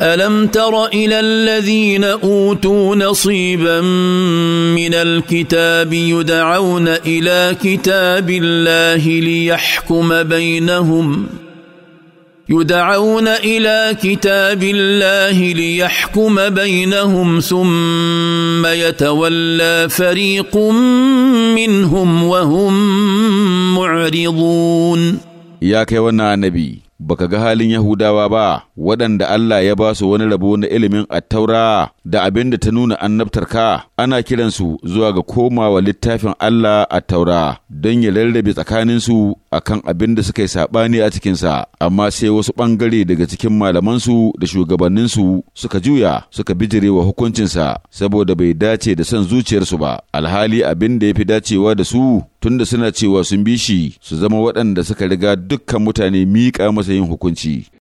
الم تر الى الذين اوتوا نصيبا من الكتاب يدعون الى كتاب الله ليحكم بينهم يدعون الى كتاب الله ليحكم بينهم ثم يتولى فريق منهم وهم معرضون يا كيوانا نبي baka ga halin Yahudawa ba, waɗanda Allah ya ba su wani rabo na ilimin attaura da abin da ta nuna annabtarka, ana kiransu zuwa ga komawa littafin Allah attaura don ya rarrabe tsakaninsu a kan abin da suka yi saɓani a cikinsa, amma sai wasu ɓangare daga cikin malamansu da shugabanninsu suka juya suka bijire wa hukuncinsa saboda bai dace da son zuciyarsu ba, alhali abin da ya fi dacewa da su tun da suna cewa sun bi shi su zama waɗanda suka riga dukkan mutane miƙa masa yin hukunci.